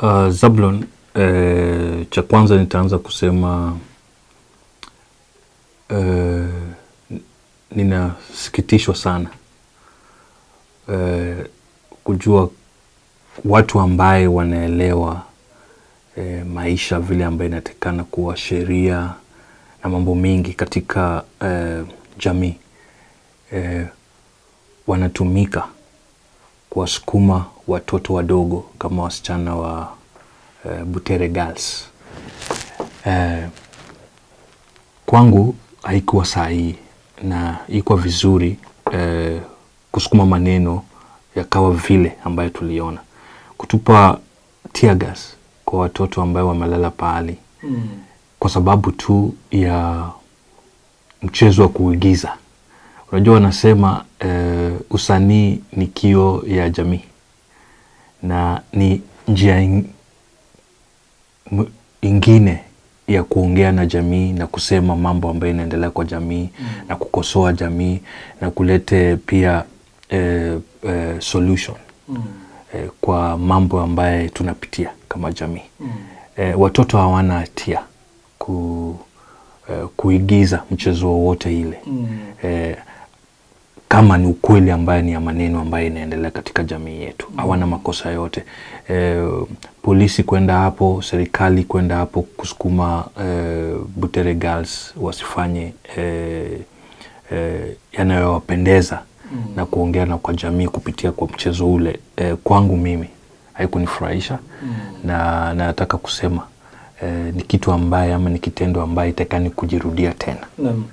Uh, Zablon, eh, uh, cha kwanza nitaanza kusema eh, ninasikitishwa sana eh, kujua watu ambaye wanaelewa eh, maisha vile ambayo inatekana kuwa sheria na mambo mengi katika eh, jamii eh, wanatumika kuwasukuma watoto wadogo kama wasichana wa uh, Butere Girls. Uh, kwangu haikuwa sahihi na ikuwa vizuri uh, kusukuma maneno yakawa vile ambayo tuliona kutupa tear gas kwa watoto ambayo wamelala pahali mm. kwa sababu tu ya mchezo wa kuigiza. Unajua wanasema uh, usanii ni kio ya jamii na ni njia ingine ya kuongea na jamii na kusema mambo ambayo inaendelea kwa jamii mm. na kukosoa jamii na kulete pia eh, eh, solution mm. eh, kwa mambo ambaye tunapitia kama jamii mm. eh, watoto hawana hatia ku, eh, kuigiza mchezo wowote ile mm. eh, kama ni ukweli ambaye ni ya maneno ambayo inaendelea katika jamii yetu, mm. hawana makosa yote. E, polisi kwenda hapo, serikali kwenda hapo kusukuma e, Butere Girls wasifanye e, e, yanayowapendeza mm. na kuongeana kwa jamii kupitia kwa mchezo ule e, kwangu mimi haikunifurahisha mm. na nataka kusema e, ni kitu ambaye ama ni kitendo ambaye itakani kujirudia tena mm.